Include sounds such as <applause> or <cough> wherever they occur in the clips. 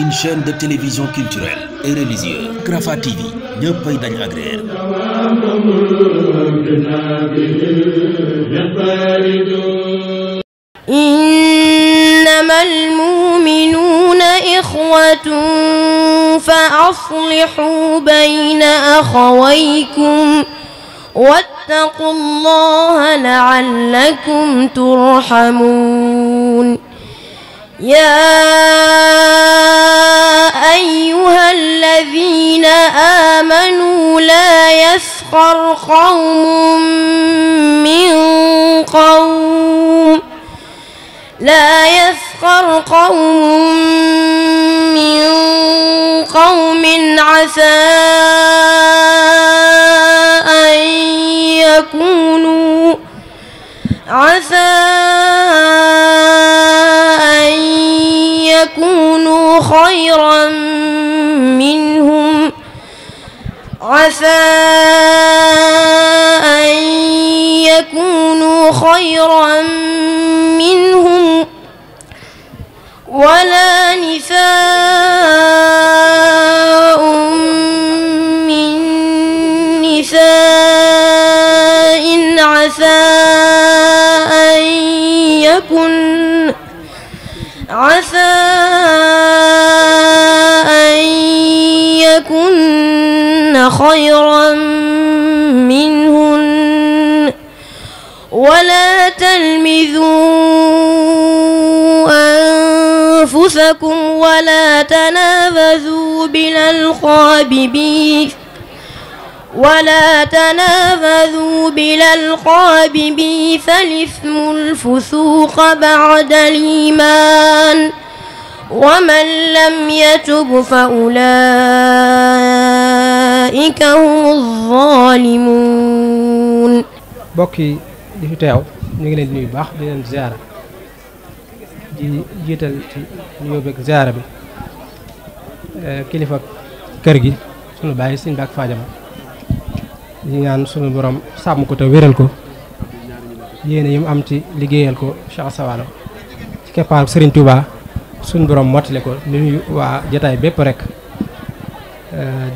une chaîne de télévision culturelle et religieuse Rafah TV ñëppay dañ agréer إنما المؤمنون إخوة فأصلحوا بين أخويكم واتقوا الله لعلكم ترحمون يا أيها الذين آمنوا لا يسخر قوم من قوم لا يسخر قوم من قوم عسى أن يكونوا عسى يكونوا خيرا منهم عسى أن يكونوا خيرا منهم ولا نساء من نساء عسى أن يكن عسى أن يكن خيرا منهن ولا تلمذوا أنفسكم ولا تنابذوا بالألقاب بئس ولا تنابذوا بالألقاب بئس الإثم الفسوق بعد الإيمان ومن لم يتب فأولئك هم الظالمون mbokk yi di fi teew ñu ngi leen di nuyu baax di leen ziara di jiital ci nuyoo beeg bi eh, kilifa kër gi sunu bàyyi Sëñ Mbàkke Fadiama di ñaan suñu boroom sàmm ko te wéral ko yéene yi mu am ci liggéeyal ko Cheikh Sawaalo ci keppaaru Serigne Touba suñu borom mottale ko nuyu waa jataay bépp rek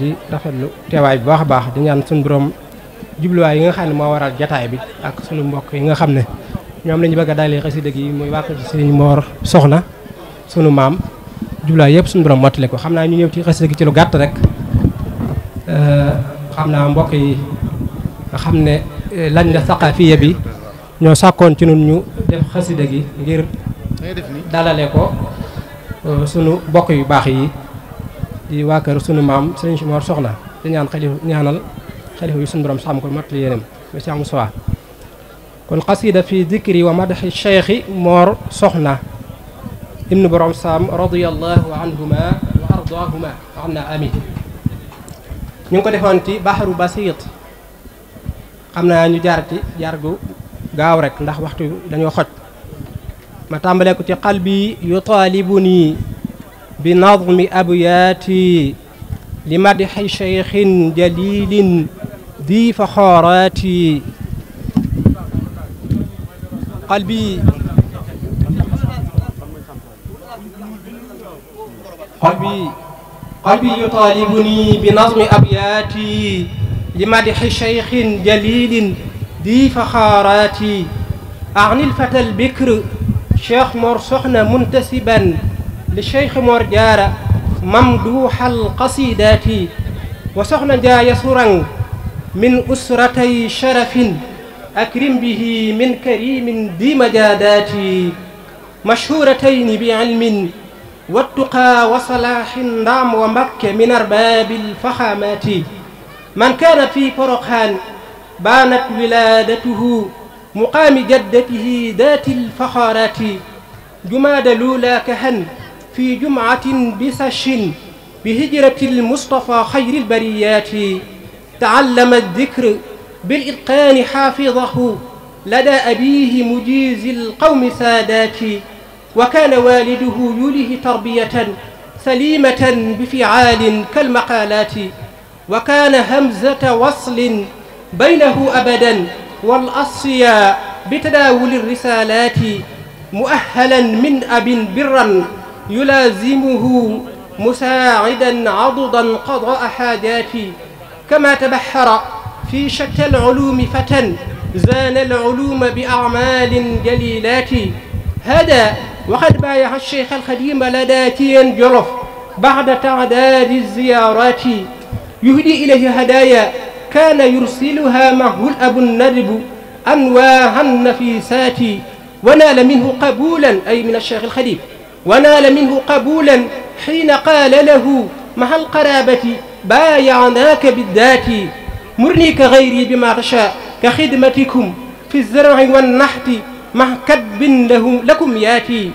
di lu teewaay bu baax a baax di ñaan suñu borom jubluwaay yi nga xam ne moo waral jataay bi ak suñu mbokk yi nga xam ne ñoom la bëgg a dalee xasida gi muy wàkk ci Serigne Mor Soxna sunu maam jubluwaay yëpp suñu borom mottale ko xam naa ñu ñëw ci xasida gi ci lu gàtt rek. xam naa mbokk yi xam ne eh, lañ la saqaafiya bi ñoo sàkkoon ci nu ñu def xasida gi ngir dalale ko eh, sunu mbokk yu baax yi di waa kër sunu maam sëriñ si Mor Soxna di ñaan xalifa ñaanal xalifa yu sunu borom sàmm ko mottali yéenam monsieur Moussa kon xasida fi dikri wa madaxi cheikhi Mor Soxna ibnu borom saam radiyallahu anhuma wa ardaahuma wa anna amin ñu ngi ko defoon ci baxaru basiit xam naa ñu jaar ci jaar gaaw rek ndax waxtu dañoo xoj ma tàmbalee ko ci qalbi yutalibuni bi nadmi abyaati li madxi cheikhin jalilin di fa xooraati qalbi qalbi qalbi yutaalibuni bi nazmi abyaati li madxi cheikhin jalilin di faxaaraati arnil fatal bikr cheikh mor soxna muntasiban li cheikh mor jaara mamduuxal qasidaati wa soxna jaaya surang min usratay sharafin akrim bihi min karimin di majaadaati mashhuratayni bi ilmin والتقى وصلاح النعم ومك من أرباب الفخامات من كان في فرقان بانت ولادته مقام جدته ذات الفخارات جماد لولا كهن في جمعة بسش بهجرة المصطفى خير البريات تعلم الذكر بالإتقان حافظه لدى أبيه مجيز القوم ساداتي وكان والده يوليه تربية سليمة بفعال كالمقالات وكان همزة وصل بينه أبدا والأصفياء بتداول الرسالات مؤهلا من أب برا يلازمه مساعدا عضدا قضاء حاجاتي كما تبحر في شتى العلوم فتى زان العلوم بأعمال جليلات هدى وقد بايع الشيخ الخديم لدى تين جرف بعد تعداد الزيارات يهدي إليه هدايا كان يرسلها معه الأب الندب أنواها النفيسات ونال منه قبولا أي من الشيخ الخديم ونال منه قبولا حين قال له مع القرابة بايعناك بالذات مرني كغيري بما تشاء كخدمتكم في الزرع والنحت مع كتب له لكم ياتي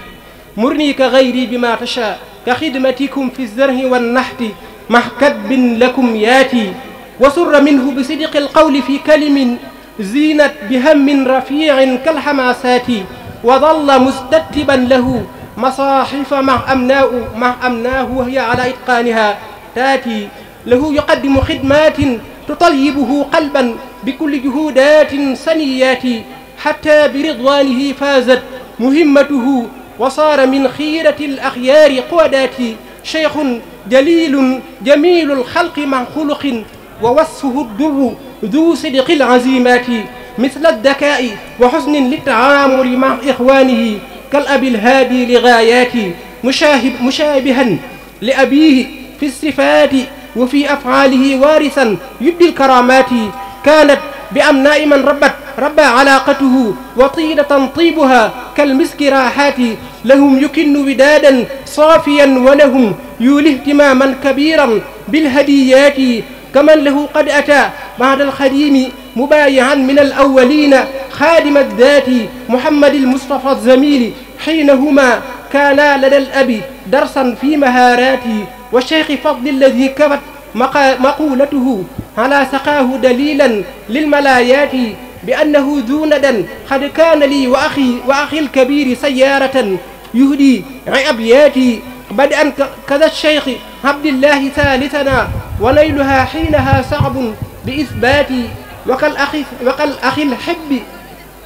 مرني كغيري بما تشاء كخدمتكم في الزرع والنحت مع كتب لكم ياتي وسر منه بصدق القول في كلم زينت بهم رفيع كالحماسات وظل مستتبا له مصاحف مع أمناء مع أمناه وهي على إتقانها تاتي له يقدم خدمات تطيبه قلبا بكل جهودات سنيات حتى برضوانه فازت مهمته وصار من خيرة الأخيار قوداتي شيخ جليل جميل الخلق مع خلق ووصفه الدر ذو صدق العزيمات مثل الذكاء وحسن للتعامل مع إخوانه كالأب الهادي لغاياتي مشاهب مشابها لأبيه في الصفات وفي أفعاله وارثا يبدي الكرامات كانت bi am naiman rabbat rabba alaaqatuhu wa tiilatan tiibuha kalmiski raaxaati lahum yukinnu widaadan saafiyan wa lahum yuuli ihtimaaman kabiiran bilhadiyaati kaman lahu qad ataa ba'da alxadiimi mubaayi'an min alawwaliina xaadima addaati muhammadi almustafa alzamiili xiinahumaa kaanaa ladaa alabi darsan fi mahaaraati wa sheykhi fadli alladi kabat مقولته على سقاه دليلا للملايات بأنه ذو ندى قد كان لي وأخي وأخي الكبير سيارة يهدي أبياتي بدءا كذا الشيخ عبد الله ثالثنا ونيلها حينها صعب بإثباتي وكالأخ وكالأخ الحب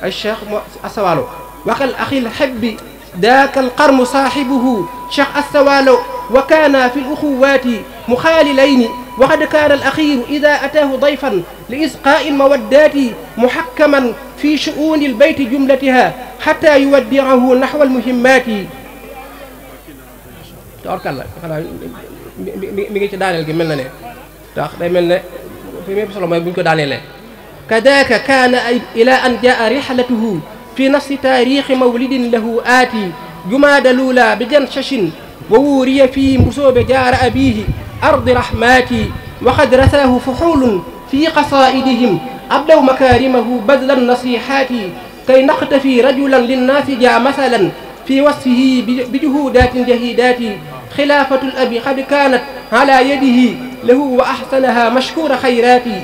الشيخ السوالو وكالأخ الحب ذاك القرم صاحبه شيخ السوالو وكانا في الأخوات مخاللين وقد كان الأخير إذا أتاه ضيفا لإسقاء المودات محكما في شؤون البيت جملتها حتى يودعه نحو المهمات تبارك الله mi ngi ci daaneel gi mel na ne tax day mel ne fi mu solo mooy bu ñu ko daaneelee كذاك كان إلى أن جاء رحلته في نص تاريخ مولد له آتي جماد الأولى بجنشش ووري في مصوب جار أبيه أرض رحماتي وقد رثاه فحول في قصائدهم أبدوا مكارمه بذل النصيحات كي نقتفي رجلا للناس جاء مثلا في وصفه بجهودات جهيدات خلافة الأب قد كانت على يده له وأحسنها مشكور خيراتي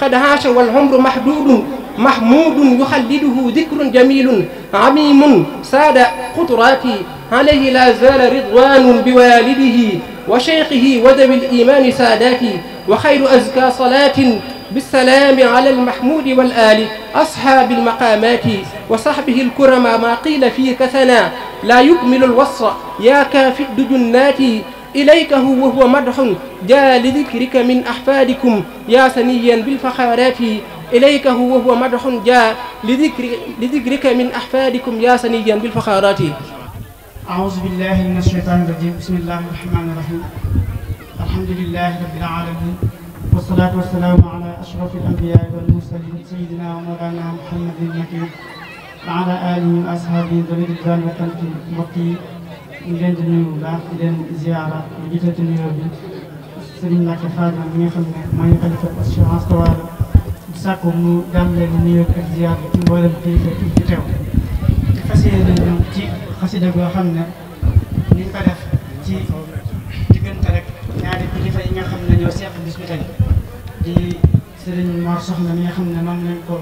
قد عاش والعمر محدود محمود يخلده ذكر جميل عميم ساد قطراتي عليه لا زال رضوان بوالده وشيخه ودم الإيمان ساداتي وخير أزكى صلاة بالسلام على المحمود والآل أصحاب المقامات وصحبه الكرم ما قيل فيك ثنا لا يكمل الوصف يا كافي الدجنات إليك هو وهو مدح جاء لذكرك من أحفادكم يا سنيا بالفخارات إليك هو وهو مدح جاء لذكر لذكرك من أحفادكم يا سنيا بالفخارات أعوذ بالله من الشيطان الرجيم بسم الله الرحمن الرحيم الحمد لله رب العالمين والصلاة والسلام على أشرف الأنبياء والمرسلين سيدنا ومولانا محمد المكين وعلى آله وأصحابه ذوي الرضوان والتمكين mbokki ñu leen di nuyu bu baax di leen ziara di jiital nuyoo bi Serigne Mbacke Fadma mi nga xam ne mooy xalifa assurance Tuwaar sàkku mu daan leen nuyoo ak ziara ci mboolem kilifa yi fi teew fas yéene ñëw ci xasida goo xam ne ni ñu ko def ci diggante rek ñaari kilifa yi nga xam ne ñoo seq bis bi tey di Serigne Mor Soxna mi nga xam ne moom lañ ko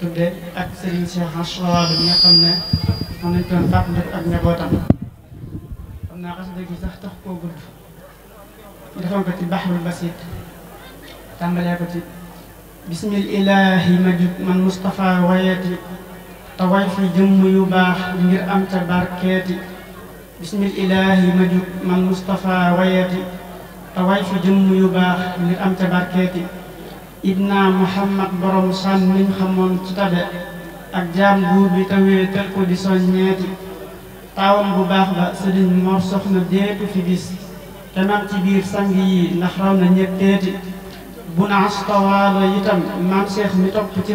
tudde ak Serigne Cheikh Achoua bi nga xam ne moom lañ doon fàttaliku ak njabootam xam naa xasida gi sax tax koo gudd ñu defoon ko ci Baxrul Basit tàmbalee ko ci bismil ilaahi ma jub man Moustapha wayati te way fa jëmm yu baax ngir am ca barkeeti bismil ilaahi ma man Moustapha wayeeti te way fa jëmm yu baax ngir am ca barkeeti ibna muhammad borom sànn niñ xamoon ci tabe ak jaam buur bi tawee tël di soññeeti taawam bu baax ba sëriñ Mor soxna déetu fi gis te ci biir sang yi ndax raw na ñëpp teeti bu naas tawaala mi topp ci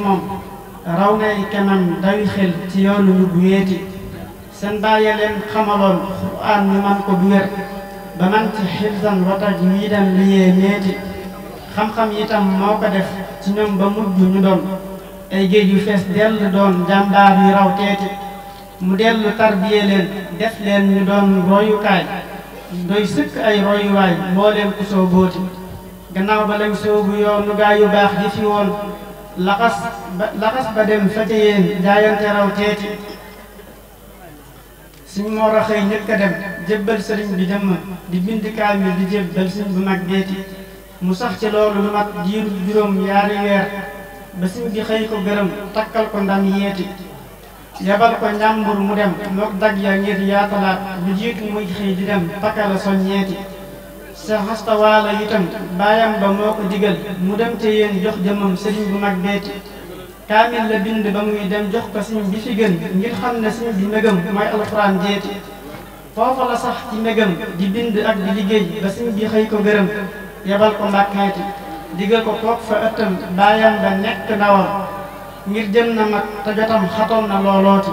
raw ngay kanam dawi xel ci yoonu ñu bu yeeti seen bàyyi leen xamaloon quraan ñu man ko bu ba man ci xifsan wa tajwiidan li yee neeti xam-xam itam moo ko def ci ñoom ba mujj ñu doon ay géej yu fees dell doon jàmbaar yu raw teeti mu dell tarbiye leen def leen ñu doon royukaay doy sëkk ay royuwaay moo leen ku soobooti gannaaw ba lañ soobu yoonu gaa yu baax yi fi laxas ba laxas ba dem fa ca yéen jaayante raw teeti suñ moor a xëy njëkk dem jébbal sëriñ bi dem di bind kaamil di jébbal suñ bu mag geeti mu sax ci loolu lu mat jiiru juróom yaari weer ba bi xëy ko gërëm takkal ko ndam yeeti yabal ko njàmbur mu dem mook dag ya ngir yaatalaat lu jiitu muy xëy di dem takkala soññeeti Cheikh Mastawaala itam baayam ba moo ko digal mu dem ca yéen jox jëmmam sëriñ bu mag kaamil la bind ba muy dem jox ko sëriñ bi fi gën ngir xam ne sëriñ bi mbégam mooy alxuraan jeeti foofa la sax ci mbégam di bind ak di liggéey ba sëriñ bi xëy ko gërëm yebal ko mbàkkaati digal ko toog fa ëttam baayam ba nekk ndawam ngir jëm na mag te jotam xatoon na loolooti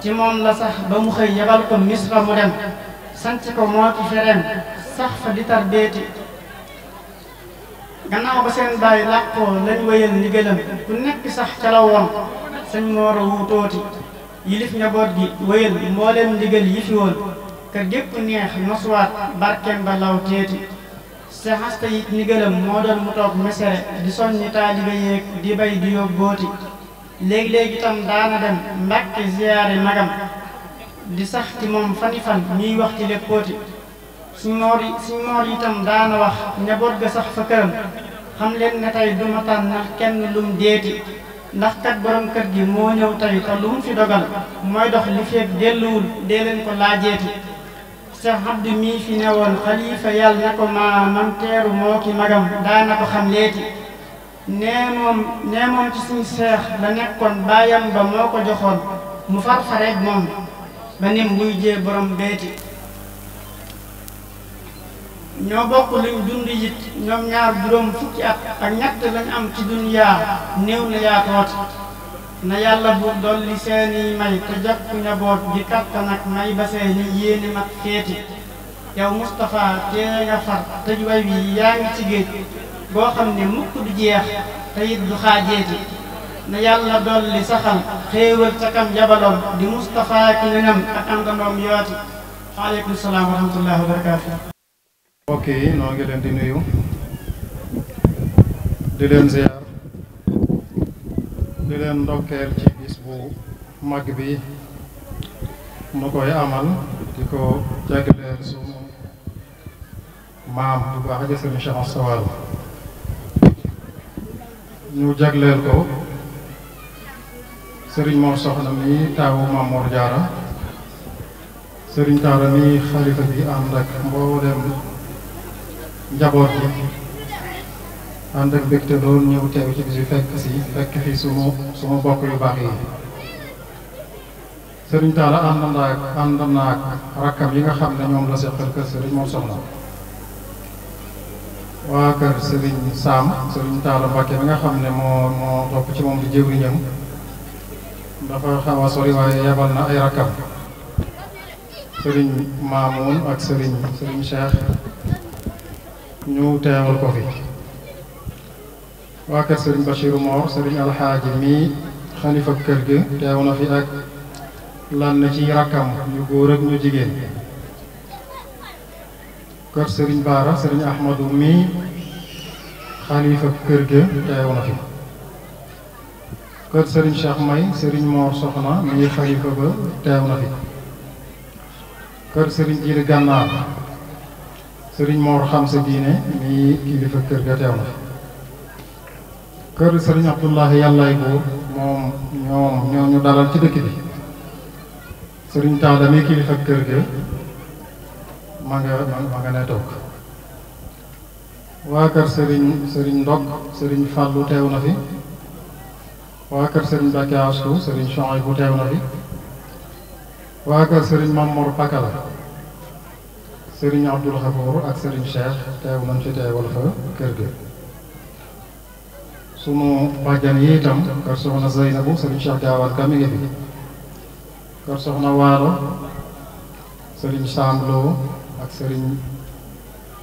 ci moom la sax ba mu xëy yebal ko misra mu dem sanc ko moo ci fereem sax fa di tarbeeti gannaaw ba seen bàyyi làkkoo lañ wéyal ndigalam ku nekk sax ca la woon sëñ moor a wuutooti yilif njaboot gi wéyal mbooleem ndigal yi fi woon kër gépp neex nosuwaat barkeem ba law teeti sexasta yi ndigalam moo doon mu toog mesere di soññi taalibe yeeg di bay di yóbbooti léegi-léegi itam daana dem mbàkke ziyaare magam di sax ci moom fani fan ñuy wax ci léppooti suñ moor yi suñ daana wax njaboot ga sax fa këram xam leen ne tey du ma tànn kenn lum deeti ndax kat borom kër gi moo ñëw tey te lu fi dogal mooy dox li feeg delluwul dee leen ko laajeeti Seex Abdu mii fi newoon xalifa yàlla ne ko maamam teeru moo ki magam daana ko xam leeti nee moom nee moom ci suñ seex la nekkoon baayam ba moo ko joxoon mu far fa rek moom ba nim buy jee borom beeti ñoo bokk luñ dund it ñoom ñaar juróom fukki at ak ñett lañ am ci duniyaa néew na yaa tooti na yàlla bu dolli seeni may te jàpp njaboot di kattan ak may ba seeni yéene mat xeeti yow Moustapha ci géej xam ne mukk du te na yàlla dolli saxal xéewal ca kam jabaloon di Moustapha ak nenam ak àndandoom yooti waaleykum salaam wa wa barakaatu mbokk yi ngi leen di nuyu di leen ziar di leen ndokkeel ci bis bu mag bi nu koy amal di ko jagleel sunu maam bu baax ja sëriñ Cheikh Moussa ñu jagleel ko sëriñ moom soxna Taara mi xalifa bi ànd ak mboolem njaboot yi ànd ak mbégte loolu ñëw teew ci bis bi fekk si fekk fi suma suma bokk yu baax yi sëriñ Talla ànd naa ànd naa ak rakkam yi nga xam ne ñoom la seqal kër sëriñ moom soxna waa kër sëriñ Saam sëriñ Talla Mbàkke mi nga xam ne moo moo topp ci moom di jëwriñam dafa xaw sori waaye yebal na ay rakkam sëriñ Maamoun ak sëriñ sëriñ Cheikh ñu teewal ko fi waa kër sëriñ Bachiru Mor sëriñ alxaaji mii xalifa kër gi teew na fi ak lan na ci rakkam ñu góor ak ñu jigéen kër sëriñ Baara sëriñ Ahmadu mii xalifa kër gi teew na fi kër sëriñ Cheikh May sëriñ Mor Soxna mii xalifa ba teew na fi kër sëriñ Jiili Gànnaar sëriñ Mor xam sa diine mii kilifa kër ga teew la kër sëriñ Abdoulahi yàllaay ko moom ñoom ñoo ñu dalal ci dëkk bi sëriñ Talla mii kilifa kër ga ma nga ma nga ne toog waa kër sëriñ sëriñ Ndog sëriñ Fàllu teew na fi waa kër sëriñ Bakke Astu sëriñ Chouaïbou teew na fi waa kër sëriñ Mamour Pakala sëriñ Abdul Xafoor ak sëriñ Cheikh teew nañ fi teewal fa kër ga sunu bàjjan yi itam kër soxna Zeynabu sëriñ Cheikh Gaawaan ka mi ngi fi kër soxna Waalo sëriñ Saamloo ak sëriñ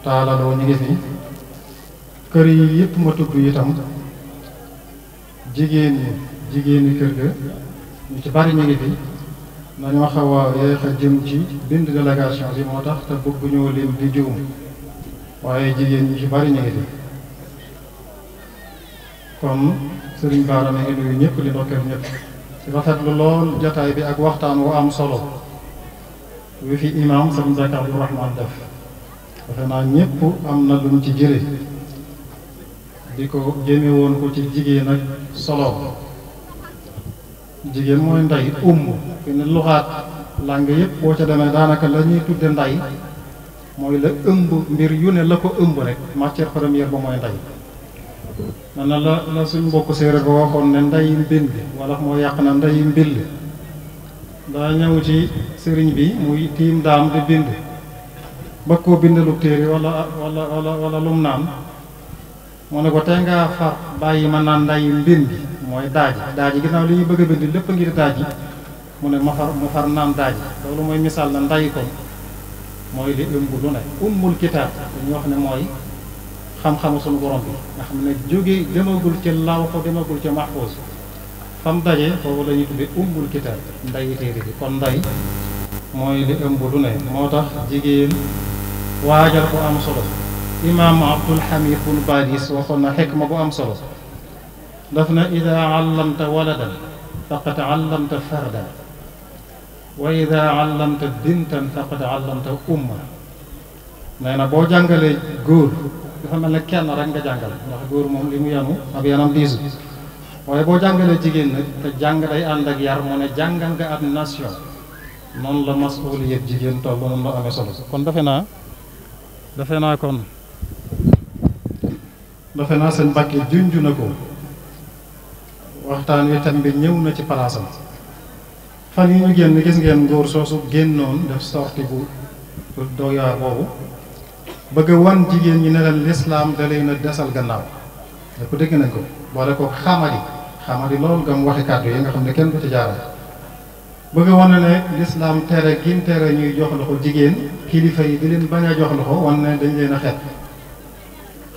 Taalaloo ñu ngi fi kër yi yëpp ma tudd itam jigéen ñi jigéen ñi kër ga ñu ci bari ñu ngi fi nañoo xaw a yéex jëm ci bind délégation bi moo tax te bëgguñoo lim di juum waaye jigéen ñi ci bari ñu ngi fi kon sëriñ Baara mi ngi nuyu ñëpp di ndokkeel ñëpp di rafetlu lool jataay bi ak waxtaan wu am solo wi fi imaam sëriñ Zaka Abdou Rahman def defe naa ñëpp am na luñ ci jëre di ko jëme woon ko ci jigéen ak solo jigéen mooy ndey umm fi ne luxaat làng yëpp boo ca demee daanaka lañuy ñuy tudde mooy la ëmb mbir yu ne la ko ëmb rek matière première ba mooy ndey dana la la suñ mbokk séeréer ba waxoon ne ndey mbind moo yàq na ndey mbill daa ñëw ci sëriñ bi muy tiim daam di bind ba koo bindalu téere wala wala wala lum naan mu ne ko tey ngaa far bàyyi ma naan ndey mbind mooy daaji daaji ginnaaw li ñu bëgg a lépp ngir daaji mu ne ma far mu far naan daaji loolu mooy misaal na ndayi ko mooy li ëmb lu ne ummul wax ne mooy xam-xamu sunu xam ne jóge demagul ca lawxu demagul ca daje foofu la ñuy tuddee ummul kitaab ndayi téere bi kon nday mooy lu ne moo tax jigéen waajal ko am solo imaam abdul hamid bul badis waxoon na xekk ma bu am solo daf na ida allamta waladan faqad allamta fardan wa ida allamta bintan faqad allamta umma nee na boo jàngalee góor dafa mel ne kenn rek nga jàngale ndax góor moom li mu yanu ab yanam diisu waaye boo jàngalee jigéen nag te jàng day ànd ak yar mu ne jàngal nga ab nation noonu la masuuliyat jigéen toll noonu la amee solo kon defe naa defe naa kon defe naa seen mbàkke junj na ko waxtaan wi tam bi ñëw na ci palaasam fan yi ñu génn gis ngeen ngóor soosu génnoon def sorti bu doyaar boobu bëgg wan jigéen ñi ne leen lislaam da leen a desal gannaaw lépp dégg nañ ko boole ko xamadi xamadi loolu gam waxi kàddu yi nga xam ne kenn du ci jaara bëgg wan na ne lislaam tere gin tere ñuy jox loxo jigéen kilifa yi di leen bañ a jox loxo wan ne dañ leen a xet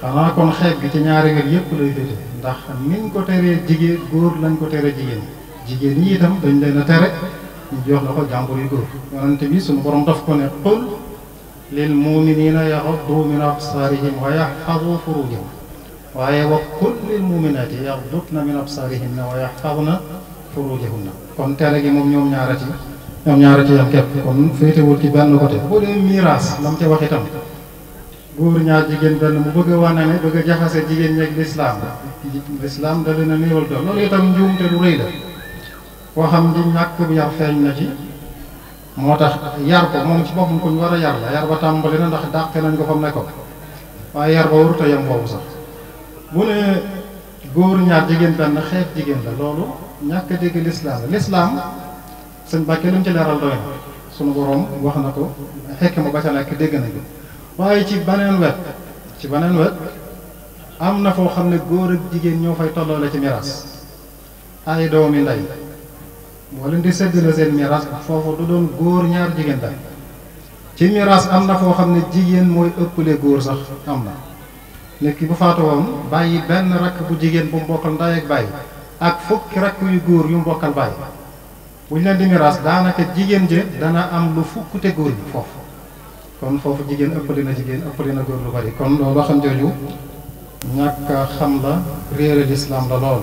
xanaa kon xeet gi ci ñaari wet yëpp lay féete ndax niñ ko teree jigéen góor lañ ko teree jigéen jigéen ñi tam dañ leen a tere ñu jox la ko jàmbur yi góor yonente bi suñu borom daf ko ne qul lil muminina yaxuddu min absarihim wa yaxfadu furujahum waaye wa na lil muminaati yaxdudna min absarihinna wa yaxfadna furujahunna kon tere gi moom ñoom ñaarati ñoom ñaarati yam képp kon féetewul ci benn côté bu dee miraas lam ca wax itam góor ñaar jigéen benn mu bëgg a wane ne bëgg a jaxase jigéen ñeeg lislaam lislaam da leen a néewal doon loolu itam njuumte lu rëy la koo xam ni ñàkk yar feeñ na ci moo tax yar ko moom ci war a yar la yar ba tàmbali na ndax dàqe nañ ko fam ne ko waaye yar ba warut a yem boobu ne góor ñaar jigéen benn xeet jigéen la loolu ñàkk a dégg lislaam la lislaam sëñ Bàkke lu ci leeral doy sunu borom wax na ko xekk ma ba ca nekk dégg nañ ko waaye ci beneen wet ci beneen wet am na koo xam ne góor ak jigéen ñoo fay tolloole ci miraas ay doomi ndey boo leen di séddale seen miraas foofu du doon góor ñaar jigéen tam ci miraas am na foo xam ne jigéen mooy ëppale góor sax am na nit ki bu faatu woon bàyyi benn rakk bu jigéen bu mu bokkal ak bàyyi ak fukki rakk yu góor yu mbokkal bokkal bàyyi bu ñu leen di miraas daanaka jigéen jë dana am lu fukkute góor bi foofu kon foofu jigéen ëppale na jigéen ëppale na góor lu bari kon loolu waxam jooju ñàkk a xam la réere lislaam la lool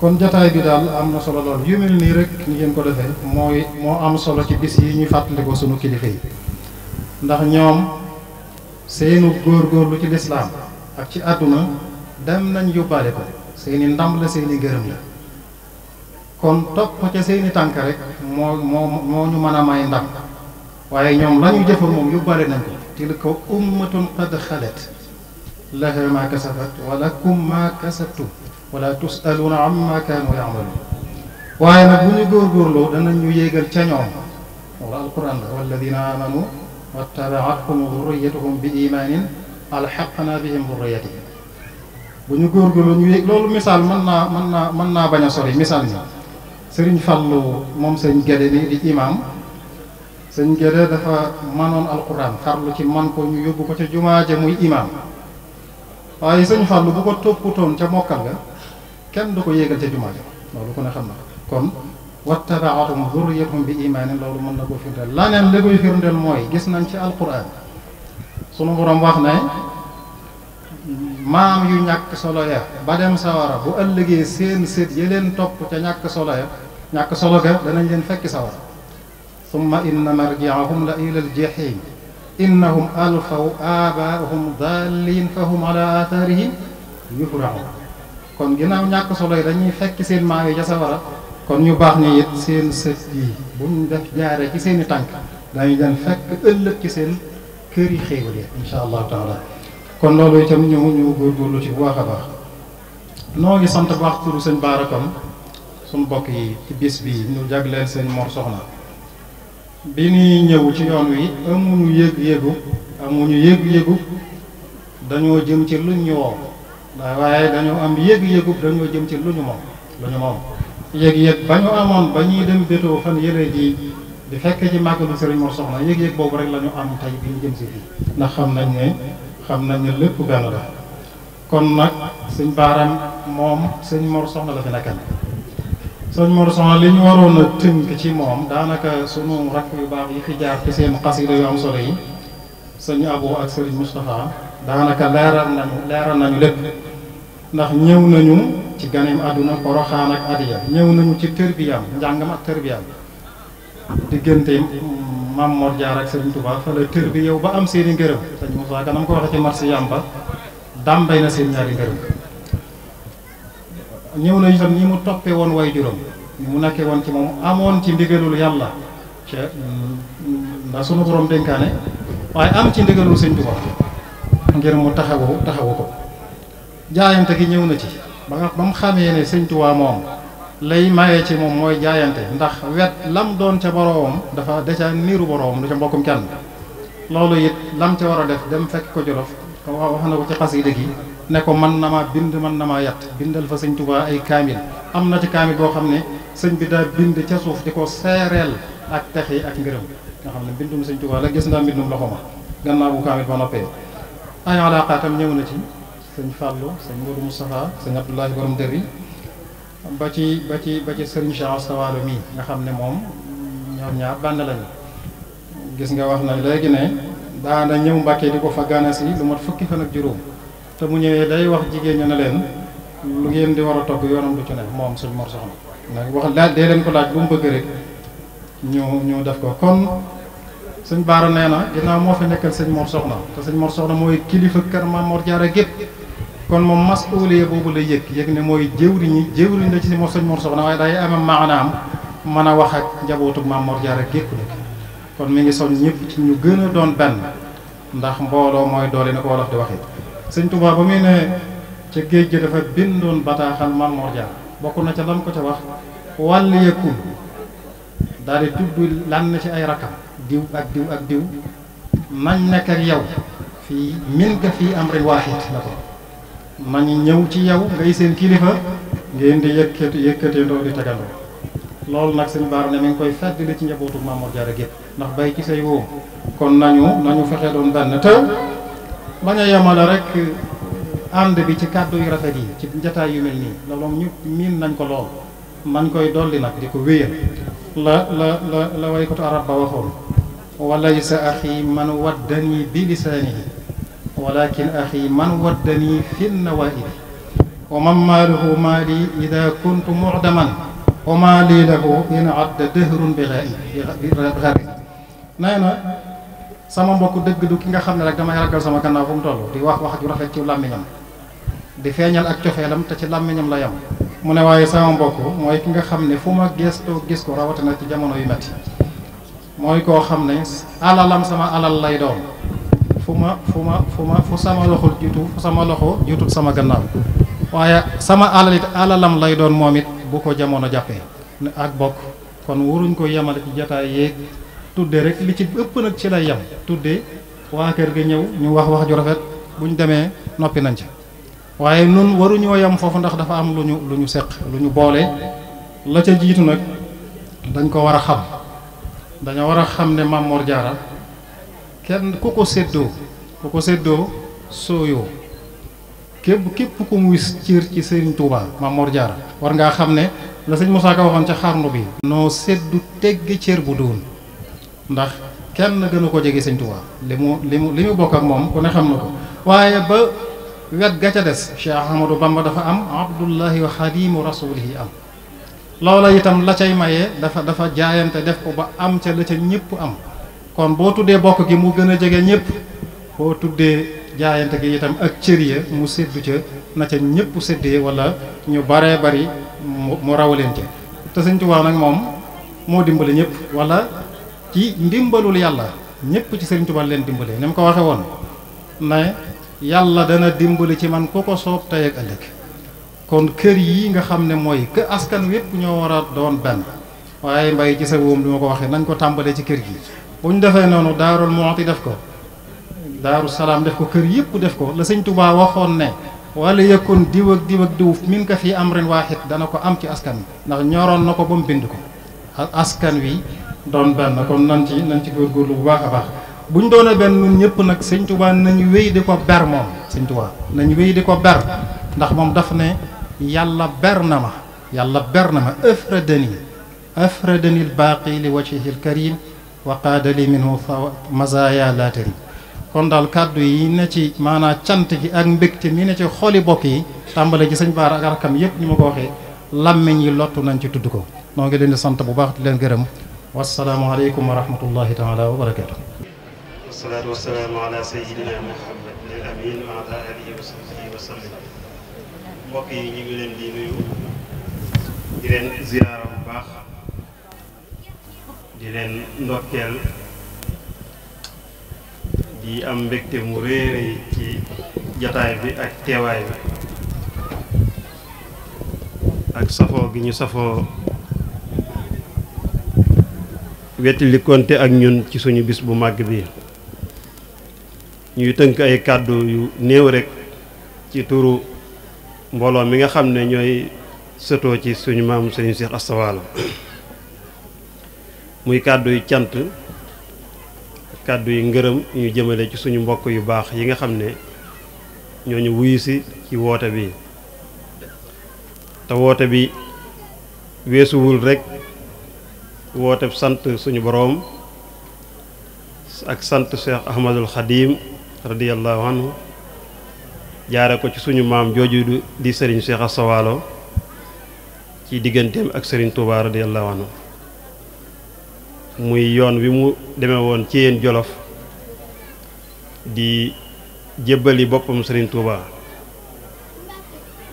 kon jataay bi daal am na solo lool yu nii rek ni ngeen ko defee mooy moo am solo ci bis yi ñuy fàttali ko sunu kilifa yi ndax ñoom góor góorgóorlu ci lislaam ak ci àdduna dem nañ yóbbaale ko seeni ndam la seeni gërëm la kon topp ca seeni tànk rek moo moo moo ñu mën a may ndam waaye ñoom la ñu jëfoon moom yóbbaale nañ ko tilka ummatun qad xalat laha ma kasabat wa lakum ma kasabtum wala tusaluuna amma kaanu yamaluun waaye nag bu ñu góorgóorloo danañ ñu yéegal ca ñoom wala alquran la walladina amanu wattabaatuhum dhurriyatuhum bi imaanin alxaqna bihim dhurriyatihim bu ñu góorgóorloo ñu yéeg loolu misaal mën naa mën naa mën naa bañ a sori misaal mi sëriñ Fallou moom sëriñ Gade ni di imaam sëñ Gédé dafa manoon alquran xarlu ci man ko ñu yóbbu ko ca jumaa ja muy imaam waaye sëñ xarlu bu ko topputoon ca mokkal ga kenn du ko yéegal ca jumaa ja loolu ku ne xam na kon wattabaatuhum zurriyatum bi imaanin loolu mën na koo firndeel laneen li koy firndeel mooy gis nañ ci alquran sunu borom wax ne maam yu ñàkk solo ya ba dem sawara bu ëllëgee seen sët ya leen topp ca ñàkk solo ya ñàkk solo ga danañ leen fekki sawara summa inna marjiahum la ila aljaxiim innahum alfaw aabaahum daalliin fa hum ala aathaarihim yufraun kon ginnaaw ñàkk solo yi dañuy fekk seen maam yi ca sawara kon ñu baax ñi it seen sët yi buñ def jaaree ci seen i tànk dañu leen fekk ëllëg ci seen kër yi xéewal yi insha allahu taala kon loolu itam ñu ñu góorgóorlu ci bu waax a baax noo sant baax turu seen baarakom suñ mbokk yi ci bis bi ñu jagleen seen mor soxna bi ñuy ñëw ci yoon wi amuñu yëg-yëgu amuñu yëg-yëgu dañoo jëm ci lu ñuy woo waaye dañoo am yëg-yëgu dañoo jëm ci luñu moom luñu moom yëg-yëg ba ñu amoon ba ñuy dem bétoo fan yële gi di fekk ci màggalu sëriñ Mor Soxna yëg-yëg boobu rek lañu ñu am tey bi ñu jëm si fii ndax xam nañ ne xam nañ ne lépp benn la kon nag sëñ baaram moom sëñ Mor Soxna la fi nekkal sëñ Mor Soxna li ñu waroon a tënk ci moom daanaka sunu rakk yu baax yi fi jaar ci seen xasida yu am solo yi sëñ Abo ak sëriñ Moustapha daanaka leeral nañu leeral nañu lépp ndax ñëw nañu ci ganeem àdduna poroxaan ak adiya ñëw nañu ci tërbiyam njàngam ak bi diggante Mame Mor Diarra ak sëriñ Touba fa la tërbi yow ba am seen i ngërëm sëñ Moussa kanam ko waxee ci marché yamba dàmbay na seen ñaari ngërëm ñëw na itam ñi mu toppee woon way juróom ñi mu nekkee woon ci moom amoon ci ndigalul yàlla ca ndax mm, sunu boroom dénkaane waaye am ci ndigalul sëñ bi ko ngir mu taxawu taxawu ko jaayante gi ñëw na ci ba nga ba mu ne sëñ Tuubaa moom lay maye ci moom mooy jaayante ndax wet lam doon ca boroomam dafa da ca niiru boroomam du ca mbokkum kenn loolu it lam ca war a def dem fekk ko jolof wax na ko ci xas yi dëgg yi ne ko man na maa bind man na maa yatt bindal fa sëñ Touba ay kaamil am na ci kaamil boo xam ne sëñ bi daa bind ca suuf di ko seereel ak texe ak ngërëm nga xam ne mbindum sëñ Touba la gis naa mbindum loxo ma ba noppee ay ñëw na ci sëñ Fallou sëñ Modou Moustapha sëñ Abdoulahi borom yi ba ci ba ci ba ci sëriñ Cheikh nga xam ne moom ñoom ñaar bànn lañu gis nga wax na léegi ne daana ñëw Mbàkke di ko fa gaana si lu mat fukki fan ak juróom te mu ñëwee day wax jigéen ñi ne leen lu ngeen di war a togg yoonam du ci nekk moom suñ mor soxna nag wax laaj dee leen ko laaj lu mu bëgg rek ñu ñu def ko kon sëñ Baara nee na ginnaaw moo fi nekkal sëñ mor soxna te sëñ mor na mooy kilifa kër Maam Mor Jaara kon moom masuuliya boobu la yëg yëg ne mooy jëwriñi jëwriñ la ci si mor sëñ mor soxna waaye day amee maanaam mën a wax ak njabootu Maam Mor Jaara gépp kon mi ngi soñ ñëpp ci ñu gën a doon benn ndax mbooloo mooy doole na ko wolof di waxee sëñ Touba ba muy ne ca géej gi dafa bindoon bataaxal Mame Mor bokk na ca lam ko ca wax wàll yëkkul daal di tudd na ci ay rakam diw ak diw ak diw nañ nekk ak yow fii min nga fii am ren waaxit la ko nañu ñëw ci yow ngay seen kilifa ngeen di yëkkati yëkkatee ndoo di tegandoo loolu nag sëñ Bara ne mi ngi koy fàttali ci njabootu Mame Mor Diarra gépp ndax bay ci say woo kon nañu nañu fexe doon benn te bañ a yemale rek eh, ànd bi ci kàddu yu rafet yi ci jataay yu mel nii loolu moom miin nañ ko lool man koy dolli nag di ko wéyal la la la la waykatu arab ba waxoon walaysa axi man waddani bi lisaanihi walakin axi man waddani fi nawaaidi wa man maaluhu maali ida kuntu mucdaman wa maali lahu in adda dahrun bi xaabi nee na sama mbokk dëgg du ki nga xam ne rek damay ragal sama gannaaw fu mu toll di wax wax ju rafet ci làmmiñam di feeñal ak cofeelam te ci làmmiñam la yam mu ne waaye sama mbokk mooy ki nga xam ne fu ma gëstoo gis ko rawatina ci jamono yu metti mooy koo xam ne alalam sama alal lay doon fu ma fu ma fu ma fu sama loxo jiitu sama loxo jiitut sama gannaaw waaye sama alal it alalam lay doon moom it bu ko jamono jàppee ak bokk kon waruñ ko yemale ci jataay yéeg tudde rek li ci ëpp nag ci la yem tudde waa kër gi ñëw ñu wax wax ju rafet bu ñu demee noppi nañ ci waaye nun waruñoo yem foofu ndax dafa am lu ñu lu ñu seq lu ñu boole la ca jiitu nag dañ ko war a xam dañoo war a xam ne Mame Mor Diarra kenn ku ko seddoo ku ko seddoo sooyoo képp képp ku mu wis ciir ci Serigne Touba Mame Mor war ngaa xam ne la sëñ Moussa Ka waxoon ca xarnu bi noo sedd tegg cër bu doon ndax kenn gënu ko jege sëñ Tuubaa li mu li mu li mu bokk ak moom ku ne xam na ko waaye ba wet ga ca des Cheikh Ahmadou Bamba dafa am abdullahi wa xadimu rasulihi am loola itam la cay maye dafa dafa jaayante def ko ba am ca la ca ñëpp am kon boo tuddee bokk gi mu gën a jege ñëpp boo tuddee jaayante gi itam ak cër ya mu séddu ca na ca ñëpp seddee wala ñu baree bari mu rawaleen ca te sëñ Tuubaa nag moom moo dimbali ñëpp walla ci ndimbalul yàlla ñëpp ci sëriñ Tuubaa leen dimbale ni mu ko waxe woon ne yàlla dana dimbali ci man ku ko soob tey ak ëllëg kon kër yi nga xam ne mooy kër askan wépp ñoo war a doon benn waaye mbay ci sa wóom li ma ko waxee nañ ko tàmbalee ci kër gi bu ñu defee noonu daarul mooti def ko daaru salaam def ko kër yëpp def ko la sëñ Tuubaa waxoon ne wala yëkkoon diw ak diw ak diw min ko fii am ren waaxit dana ko am ci askan wi ndax ñoroon na ko mu bind ko don benn kon nan ci nan ci góorgóorlu bu baax a baax bu ñu doonee benn ñun ñëpp nag sëñ Tuubaa nañu wéy di ko ber moom sëñ Tuubaa nañu wéy di ko ber ndax moom dafa ne yàlla ber na ma yàlla ber na ma afradani afradani l baaqi li wajhihi l karim wa qaadali minhu mazaya laatari kon daal kàddu yi ne ci maanaa cant gi ak mbégte mi ne ci xooli bokk yi tàmbale ci sëñ Baara ak rakam yëpp ñu ma ko waxee làmmiñ yi lottu nañ ci tudd ko moo ngi leen di sant bu baax di leen gërëm wasalaamualeykum wa rahmatullahi taala wa barakatu wasalaatu wasalaamu ala sayidina muhammad al amin wa ala alihi wa sahbihi wa sallam mbokk yi ñu ngi leen di nuyu di leen ziyaara bu baax di leen ndokkeel di am mbégte mu réere ci jataay bi ak teewaay bi ak safoo gi ñu safoo wettali konte ak ñun ci suñu bis bu màgg bi ñuy tënk ay kàddu yu néew rekk ci turu mbooloo mi nga xam ne ñooy sëtoo ci suñu maam Sëriñ Seex Asta muy kàddu yu cant kàddu yi ngërëm ñu jëmale ci suñu mbokk yu baax yi nga xam ne ñooñu wuyu si ci woote bi te woote bi weesuwul rek woote sant suñu boroom ak sant Cheikh Ahmadul Xadim radiyallahu anhu jaare ko ci suñu maam jooju di sëriñ Cheikh Asta Walo ci digganteem ak sëriñ Touba radiyallahu anhu muy yoon wi mu demee woon ci yéen Jolof di jébbali boppam sëriñ Touba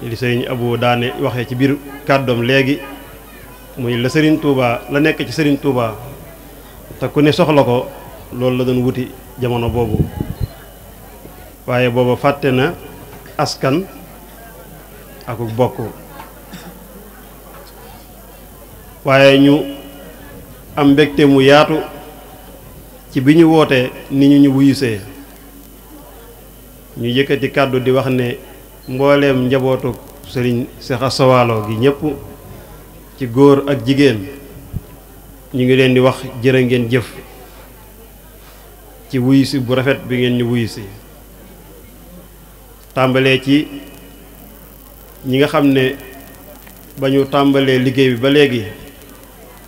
li sëriñ Abu daane waxee ci biir kàddoom léegi muy la sëriñ Touba la nekk ci Serigne Touba te ku ne soxla ko loolu la doon wuti jamono boobu waaye booba fàtte na askan ak bokk waaye ñu am mbegte mu yaatu ci bi ñu wootee ni ñu ñu wuyuse ñu yëkkati kàddu di wax ne mbooleem njabootu Serigne Cheikh Assawaalo gi ñëpp ci góor ak jigéen ñu ngi leen di wax jërë ngeen jëf ci wuyusi bu rafet bi ngeen ni wuyusi tàmbalee ci ñi nga xam ne ba ñu tàmbalee liggéey bi ba léegi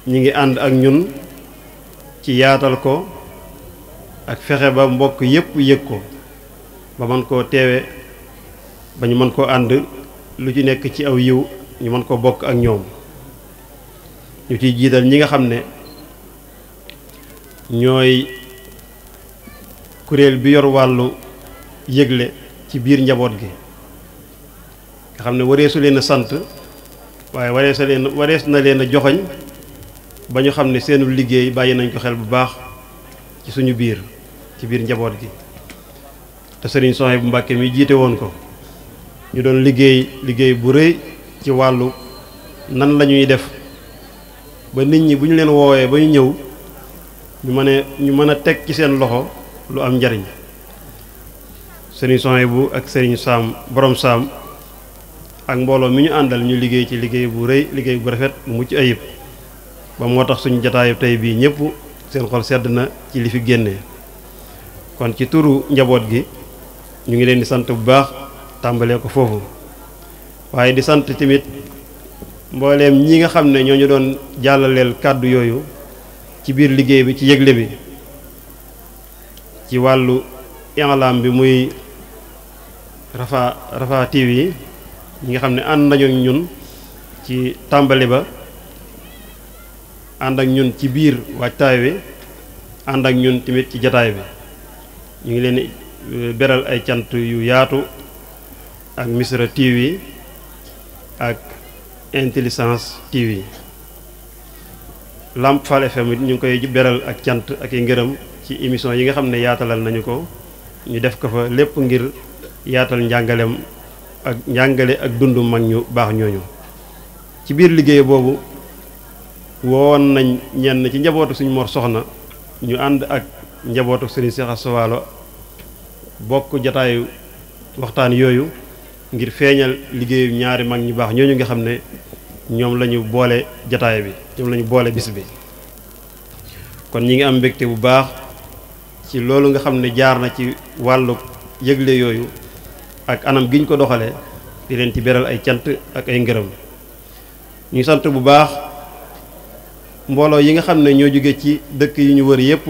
ñi ngi ànd ak ñun ci yaatal ko ak fexe ba mbokk yépp yëg ko ba mën koo teewe ba ñu mën koo ànd lu ci nekk ci aw yiw ñu mën koo bokk ak ñoom ñu ciy jiital ñi nga xam ne ñooy kuréel bi yor wàllu yëgle ci biir njaboot gi nga xam ne wareesu leen a sant waaye warees na leen warees na leen a joxoñ ba ñu xam ne seenu liggéey bàyyi nañ ko xel bu baax ci suñu biir ci biir njaboot gi te sëriñ soxna bu Mbàkke mi jiite woon ko ñu doon liggéey liggéey bu rëy ci wàllu nan la def ba nit ñi bu ñu leen woowee ba ñu ñëw ñu mën a ñu mën a teg ci seen loxo lu am njariñ sëriñ bu ak sëriñ Saam boroom Saam ak mbooloo mi ñu àndal ñu liggéey ci liggéey bu rëy liggéey bu rafet bu mucc ayib ba moo tax suñu jataayu tey bii ñëpp seen xol sedd na ci li fi génnee kon ci turu njaboot gi ñu ngi leen di sant bu baax tàmbalee ko foofu waaye di sant tamit mbooleem ñi nga xam ne ñoo ñu doon jàllaleel kàddu yooyu ci biir liggéey bi ci yëgle bi ci wàllu i'lam bi muy Rafah Rafah yi ñi nga xam ne ànd nañu ak ñun ci tàmbali ba ànd ak ñun ci biir waajtaay wi ànd ak ñun tamit ci jataay bi ñu ngi leen di euh, beral ay cant yu yaatu ak Misra TV ak Intelligence TV Lamp Fall FM ñu koy beral ak cant ak i ngërëm ci émission yi nga xam ne yaatalal nañu ko ñu def ko fa lépp ngir yaatal njàngalem ak njàngale ak dundu mag ñu baax ñooñu ci biir liggéey boobu woon nañ ñenn ci njabootu suñu Mor Soxna ñu ànd ak njabootu Serigne Cheikh bokk jataayu waxtaan yooyu ngir feeñal liggéeyu ñaari mag ñu baax ñooñu nga xam ne ñoom lañu boole jataay bi ñoom lañu boole bis bi kon ñi ngi am mbégte bu baax ci loolu nga xam ne jaar na ci wàllu yëgle yooyu ak anam gi ñu ko doxalee di leen ci beral ay cant ak ay ngërëm ñu sant bu baax mbooloo yi nga xam ne ñoo jóge ci dëkk yu ñu wër yépp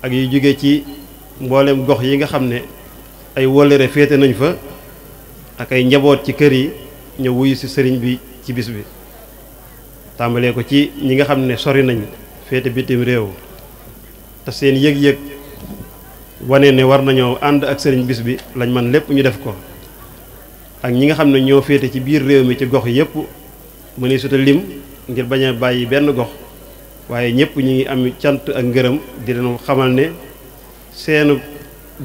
ak yu jóge ci mboolem gox yi nga xam ne ay wolere féete nañu fa ak ay njaboot ci kër yi ñu wuyu si sëriñ bi ci bis bi tàmbalee ko ci ñi nga xam ne sori nañ féete bitim réew te seen yëg-yëg wane ne war nañoo ànd ak sëriñ bis bi lañ man lépp ñu def ko ak ñi nga xam ne ñoo féete ci biir réew mi ci gox yépp mënee suta lim ngir bañ a bàyyi benn gox waaye ñëpp ñu ngi am cant ak ngërëm di leen xamal ne seenu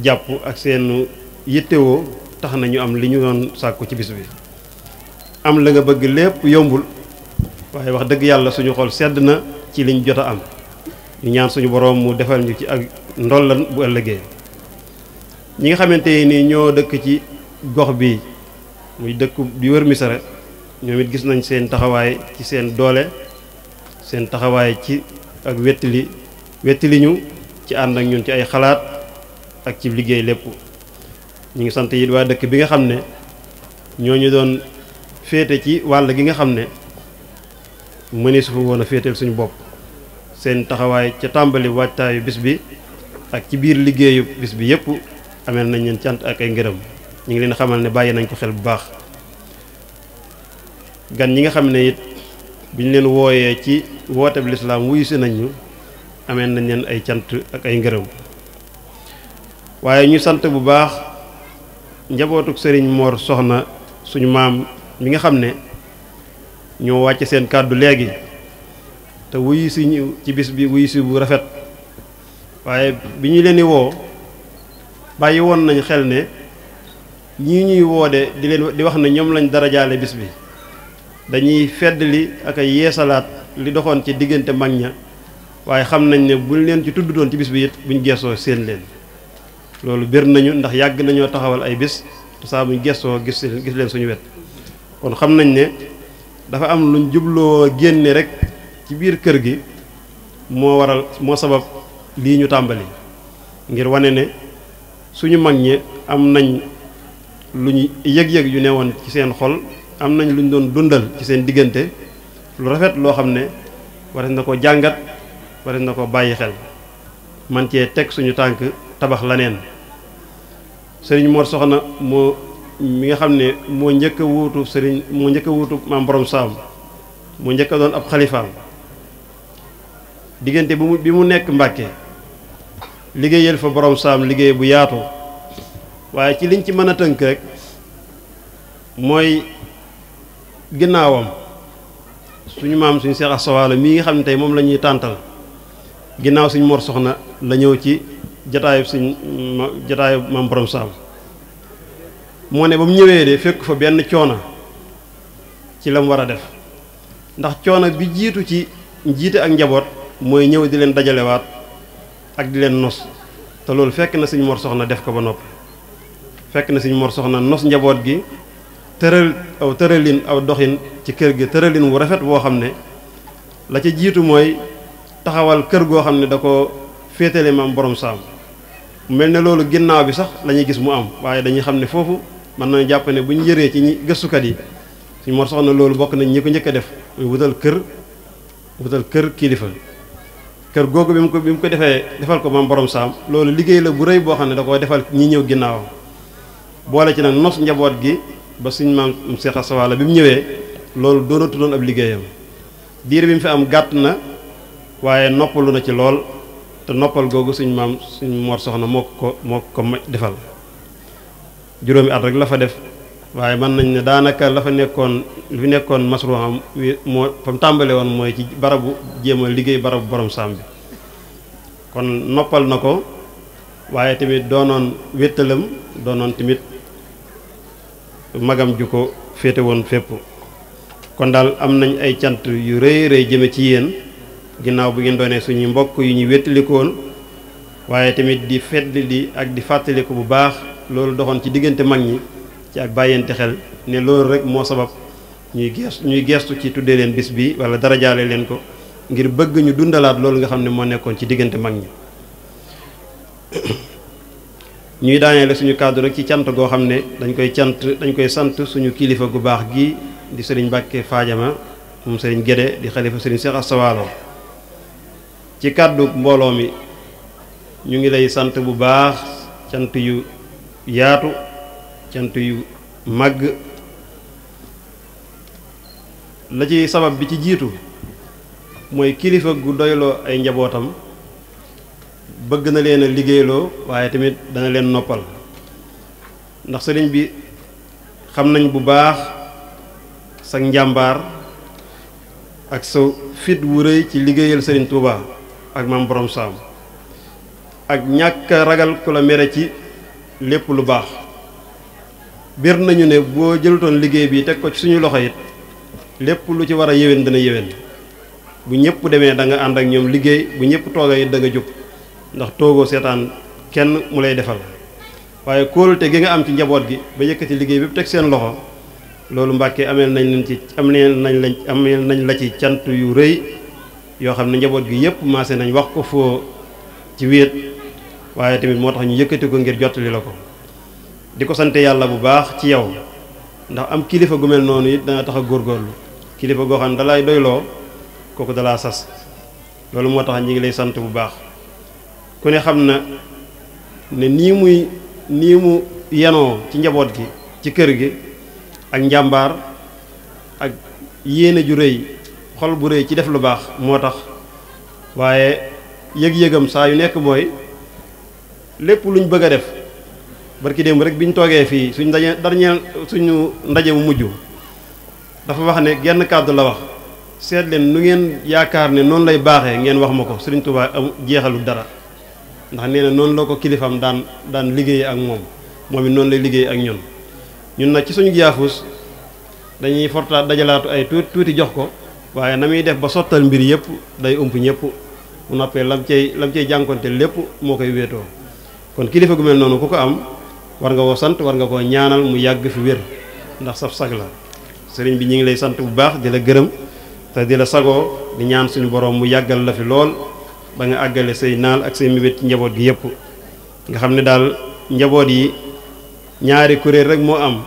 jàpp ak seenu yittewoo tax na ñu am li ñu doon sàkku ci bis bi am la nga bëgg lépp yombul waaye wax dëgg yàlla suñu xol sedd na ci liñ jot a am ñu ñaan suñu boroom mu defal ñu ci ak ndollan bu ëllëgee ñi nga xamante nii ñoo dëkk ci gox bi muy dëkk di wër misare ñoom it gis nañ seen taxawaay ci seen doole seen taxawaay ci ak wettili wettili ñu ci ànd ak ñun ci ay xalaat ak ci liggéey lépp ñu ngi sant yit waa dëkk bi nga xam ne ñoo ñu doon féete ci wàll gi nga xam ne mënee su fa woon a féeteel suñu bopp seen taxawaay ca tàmbali waajtaayu bis bi ak ci biir liggéeyu bis bi yëpp ameel nañ leen cant ak ay ngërëm ñu ngi leen xamal ne bàyyi nañ ko xel bu baax gan ñi nga xam ne it bi leen wooyee ci wooteeb lislaam wuyu nañu nañ ñu ameel nañ leen ay cant ak ay ngërëm waaye ñu sant bu baax njabootuk sëriñ Mor soxna suñu maam mi nga xam ne ñoo wàcc seen kàddu léegi te wuyu si ñu ci bis bi wuyu si bu rafet waaye bi ñu leen di woo bàyyi woon nañ xel ne ñii ñuy woode di leen di wax na ñoom lañ darajaale bis bi dañuy fedd li ak ay yeesalaat li doxoon ci diggante mag ña waaye xam nañ ne buñ leen ci tudd doon ci bis bi it buñ geesoo seen leen loolu bir nañu ndax yàgg nañoo taxawal ay bis te saa buñ gestoo gis gis leen suñu wet kon xam nañ ne dafa am luñ jubloo génne rek ci biir kër gi moo waral moo sabab lii ñu tàmbali ngir wane ne suñu mag ñi am nañ lu ñu yëg-yëg yu ne woon ci seen xol am nañ lu ñu doon dundal ci seen diggante lu rafet loo xam ne wares na ko jàngat wares na ko bàyyi xel man cee teg suñu tànk tabax la laneen sëriñ Mor Soxna moo mi nga xam ne moo njëkk wuutu sëriñ moo njëkk wuutu maam borom saam moo njëkk doon ab xalifaam diggante bi mu bi mu nekk Mbàkke liggéeyal fa borom saam liggéey bu yaatu waaye ci liñ ci mën a tënk rek mooy ginnaawam suñu maam suñu Seex Asawaalo mii nga xam ne tey moom lañuy tàntal ginnaaw suñu Mor Soxna la ñëw ci jataayub sëñ jataayub maam borom saam moo ne ba mu ñëwee de fekk fa benn coono ci la mu war a def ndax coono bi jiitu ci njiite ak njaboot mooy ñëw di leen dajalewaat ak di leen nos te loolu fekk na sëñ Mor Soxna def ko ba noppi fekk na sëñ Mor Soxna nos njaboot gi tëral aw tëralin aw doxin ci kër gi tëralin wu rafet boo xam ne la ca jiitu mooy taxawal kër goo xam ne da ko féetale maam borom saam mel ne loolu ginnaaw bi sax lañuy gis mu am waaye dañuy xam ne foofu mën nañu jàpp ne bu ñu yëree ci ñi gëstukat yi suñu mor soxna loolu bokk nañ ñi ko njëkk a def muy wutal kër wutal kër kilifa kër googu bi mu ko bi mu ko defee defal ko maam borom saam loolu liggéey la bu rëy boo xam ne da koo defal ñi ñëw ginnaawam boole ci nag nos njaboot gi ba suñ maam Cheikh Assawala bi mu ñëwee loolu doonatu doon ab liggéeyam diir bi mu fi am gàtt na waaye noppalu na ci lool te noppal googu suñ maam suñ mor soxna mook ko mook ko defal juróomi at rek la fa def waaye mën nañ ne daanaka la fa nekkoon li fi nekkoon masruwam moo fa mu tàmbale woon mooy ci barabu jéem a liggéey barabu borom saam bi kon noppal na ko waaye tamit doonoon wéttalam doonoon tamit magam ju ko féete woon fépp kon daal am nañ ay cant yu rëy rëy jëme ci yéen ginnaaw bu ngeen doonee suñu mbokk yu ñu wéttalikoon waaye tamit di fedd di ak di fàttaliku bu baax loolu doxoon ci diggante mag ñi ci ak bàyyente xel ne loolu rek moo sabab ñuy geestu ñuy geestu ci tuddee leen bis bi wala darajaale leen ko ngir bëgg ñu dundalaat loolu nga xam ne moo nekkoon ci diggante mag ñi <coughs> ñuy daaneele suñu kàddu ci cant goo xam ne dañ koy cant dañ koy sant suñu kilifa gu baax gi di sëriñ Mbàkke Faajama moom sëriñ Gédé di xalifa sëriñ Seex Asawaalo ci kàddu mbooloo mi ñu ngi lay sant bu baax cant yu yaatu cant yu màgg la ci sabab bi ci jiitu mooy kilifa gu doyloo ay njabootam bëgg na leen a liggéeyloo waaye tamit dana leen noppal ndax sëriñ bi xam nañ bu baax sa njàmbaar ak sa fit wu rëy ci liggéeyal sëriñ Touba. ak maam borom saam ak ñàkk ragal ku la mere ci lépp lu baax biir nañu ne boo jëlutoon liggéey bi teg ko ci suñu loxo it lépp lu ci war a yéwén dana yéwén bu ñëpp demee da ànd ak ñoom liggéey bu ñëpp toogee it da nga ndax toogoo seetaan kenn mu lay defal waaye kóolute gi nga am ci njaboot gi ba yëkkati liggéey bépp teg seen loxo loolu mbàkkee ameel nañ leen ci ameel nañ la ci cant yu rëy yoo xam ne njaboot gi yëpp maase nañ wax ko foo ci wéet waaye tamit moo tax ñu yëkkati ko ngir jottali la ko di ko sante yàlla bu baax ci yow ndax am kilifa gu mel noonu it dana tax a góorgóorlu kilifa goo xam ne dalay doyloo kooku dalaa sas loolu moo tax ñu ngi lay sant bu baax ku ne xam na ne nii muy nii mu yanoo ci njaboot gi ci kër gi ak njàmbaar ak yéene ju réy xol bu rëy ci def lu baax moo tax waaye yëg-yëgam saa yu nekk mooy lépp luñ bëgg a def barki démb rek ñu toogee fii suñ ndaje dernier suñu ndaje mu mujj dafa wax ne genn kàddu la wax seet leen nu ngeen yaakaar ne noonu lay baaxee ngeen wax ma ko Sëriñ Tuubaa am jeexalu dara ndax nee na noonu la ko kilifam daan daan liggéeyee ak moom moom it noonu lay liggéey ak ñun ñun nag ci suñu yaafus dañuy fortaat dajalaatu ay tuuti tuuti jox ko waaye na muy def ba sottal mbir yëpp day ump ñëpp mu noppee lam cay lam cay jànkonte lépp moo koy wéetoo kon kilifa gu mel noonu ku ko am war nga koo sant war nga ko ñaanal mu yàgg fi wér ndax saf sag la sëriñ bi ñu ngi lay sant bu baax di la gërëm te di la sagoo di ñaan suñu borom mu yàggal la fi lool ba nga àggale say naal ak say mébét njaboot gi yëpp nga xam ne daal njaboot yi ñaari kuréel rek moo am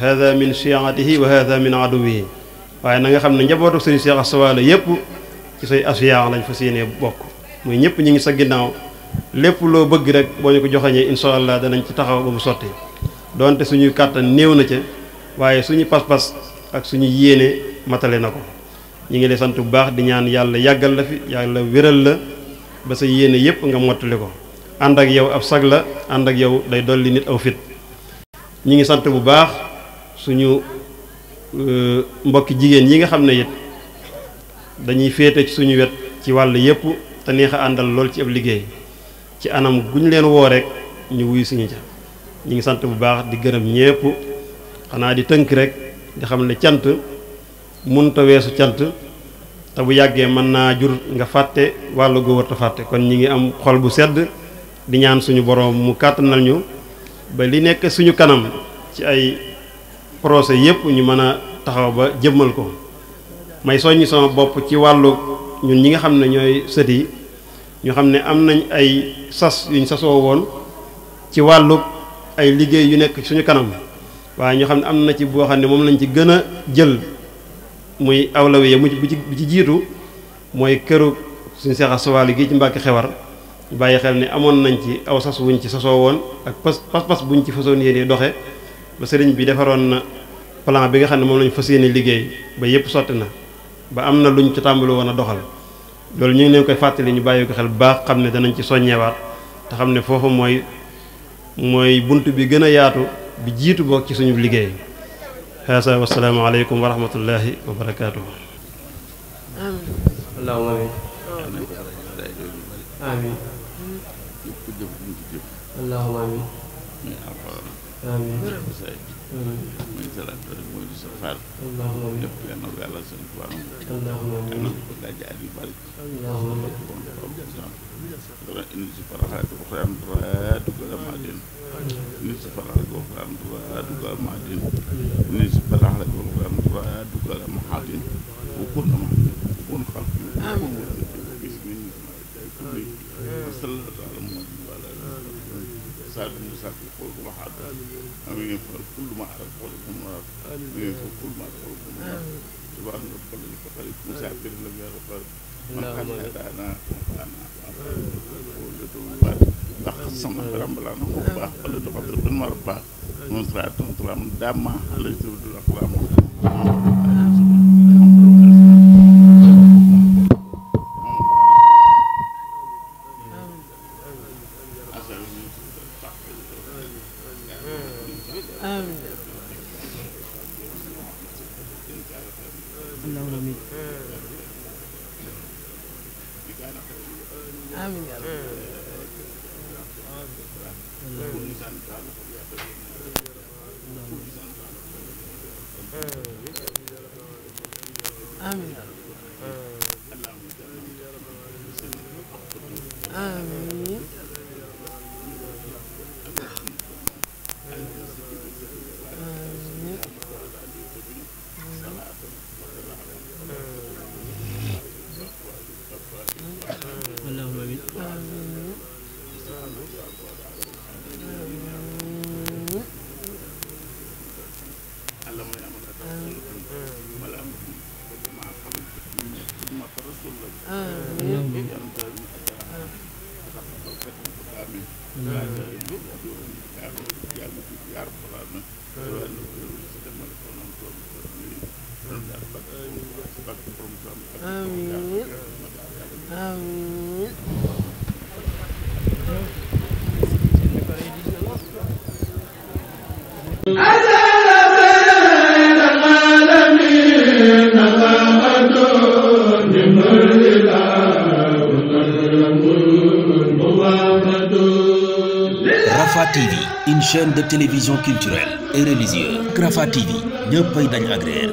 hada min chiatihi wa hada min aduwihi waaye na nga xam ne njabootu sëñ Cheikh Asta Walo yëpp ci say asiyaax lañ fas yéenee bokk muy ñëpp ñu ngi sa ginnaaw lépp loo bëgg rek boo ñu ko joxeñee incha allah danañ ci taxaw ba mu sotti donte suñuy kàttan néew na ca waaye suñu pas-pas ak suñu yéene matale na ko ñu ngi lay sant bu baax di ñaan yàlla yàggal la fi yàlla wéral la ba sa yéene yëpp nga mottali ko ànd ak yow ab sag la ànd ak yow day dolli nit aw fit ñu ngi sant bu baax suñu Euh, mbokki jigéen yi nga xam ne yit dañuy féete ci suñu wet ci wàll yépp te neex àndal lool ci ab liggéey ci anam guñ leen woo rek ñu wuyu suñu ca ñu ngi sant bu baax di gërëm ñépp xanaa di tënk rek di xam ne cant munta weesu cant te bu yàggee mën naa jur nga fàtte wàll góowar te fàtte kon ñi ngi am xol bu sedd di ñaan suñu boroom mu kàttanal ñu ba li nekk suñu kanam ci ay procès yépp ñu mën a taxaw ba jëmmal ko may soññ sama bopp ci wàllu ñun ñi nga xam ne ñooy sëti yi ñu xam ne am nañ ay sas yuñ sasoo woon ci wàllu ay liggéey yu nekk suñu kanam waaye ñu xam ne am na ci boo xam ne moom lañ ci gën a jël muy awlawiya mu bu ci jiitu mooy këru suñu seexa sawaali gi ci Mbàkke Xewar bàyyi xel ne amoon nañ ci aw sas wuñ ci sasoo woon ak pas pas buñ ci fasoon yéene doxe ba sëriñ bi defaroon na plan bi nga xam ne moom lañu fas yéene liggéey ba yépp sotti na ba am na luñ ci tàmbali woon a doxal loolu ñu ngi leen koy fàttali ñu bàyyi ko xel bu baax xam ne danañ ci soññewaat te xam ne foofu mooy mooy bunt bi gën a yaatu bi jiitu bokk ci suñu liggéey xaasa wasalaamu aleykum wa rahmatullahi amiin muy salaatu rek mooy di sa faal. ñëpp yal na ko yàlla seen tubaab. yal na ko daaje at yu bari. dana indi si faraxaay bu xëy am droit dugal maa din. indi si faraxaay bu xëy am droit dugal maa din. indi si faraxaay bu xëy am droit dugal maa din. bu kun na ma bu kun xam. amiin. سعد بن سعد يقول كل أحد أمين يفعل كل ما أعرف ولك مراد أمين يفعل كل ما أعرف ولك مراد سبحان ربك القريب مسافر لم يرى قريب من قد هدانا وأنا ولد ولد أخصم أحرم بلا نقبة ولد قدر بالمربى من سرعة تنطلع من دامة ليس بدون أقلام amiin seen chaîne de télévision culturelle et religieuse Rafah TV ñëppay dañ agréer